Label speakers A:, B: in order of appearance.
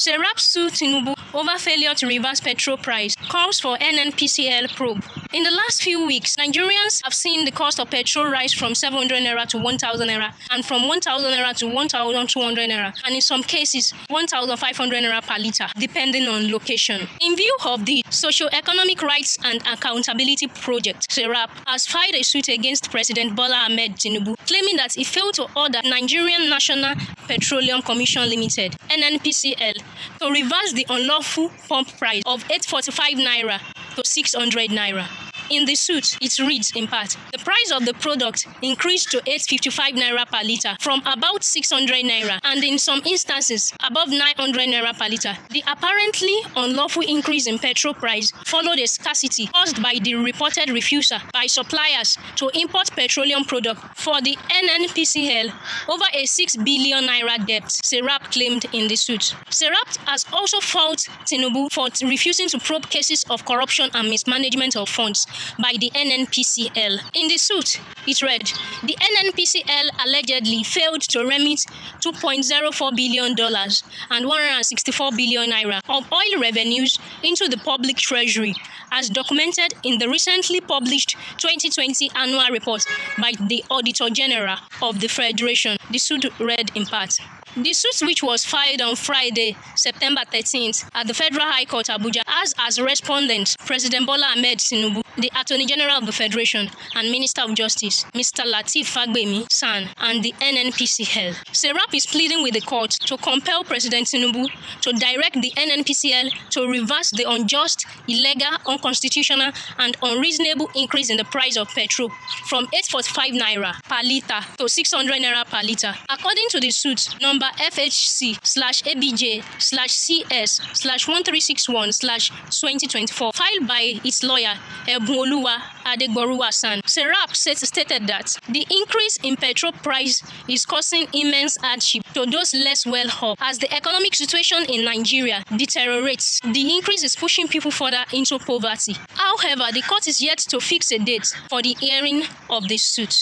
A: Serap Su Tinubu over failure to reverse petrol price calls for NNPCL probe. In the last few weeks, Nigerians have seen the cost of petrol rise from 700 naira to 1,000 naira and from 1,000 naira to 1,200 naira and in some cases 1,500 naira per litre depending on location. In view of the Socio-Economic Rights and Accountability Project, Serap has filed a suit against President Bola Ahmed Tinubu claiming that he failed to order Nigerian national Petroleum Commission Limited (NNPCL) to reverse the unlawful pump price of 845 naira to 600 naira. In the suit, it reads in part, the price of the product increased to 855 naira per litre from about 600 naira and in some instances above 900 naira per litre. The apparently unlawful increase in petrol price followed a scarcity caused by the reported refusal by suppliers to import petroleum product for the NNPCL over a 6 billion naira debt, Serap claimed in the suit. Serap has also faulted Tinubu for refusing to probe cases of corruption and mismanagement of funds by the NNPCL. In the suit, it read, the NNPCL allegedly failed to remit $2.04 billion and 164 billion naira of oil revenues into the public treasury, as documented in the recently published 2020 annual report by the Auditor General of the Federation. The suit read in part. The suit, which was filed on Friday, September 13th, at the Federal High Court Abuja, as as respondent President Bola Ahmed Tinubu the Attorney General of the Federation and Minister of Justice, Mr. Latif Fagbemi San, and the NNPCL. Serap is pleading with the court to compel President Tinubu to direct the NNPCL to reverse the unjust, illegal, unconstitutional, and unreasonable increase in the price of petrol from 845 naira per litre to 600 naira per litre. According to the suit number FHC slash ABJ slash CS slash 1361 slash 2024, filed by its lawyer, Ebu Ogunoluwa Adegboruwa Sand. Serap stated that the increase in petrol price is causing immense hardship to those less well off as the economic situation in Nigeria deteriorates. The increase is pushing people further into poverty. However, the court is yet to fix a date for the hearing of the suit.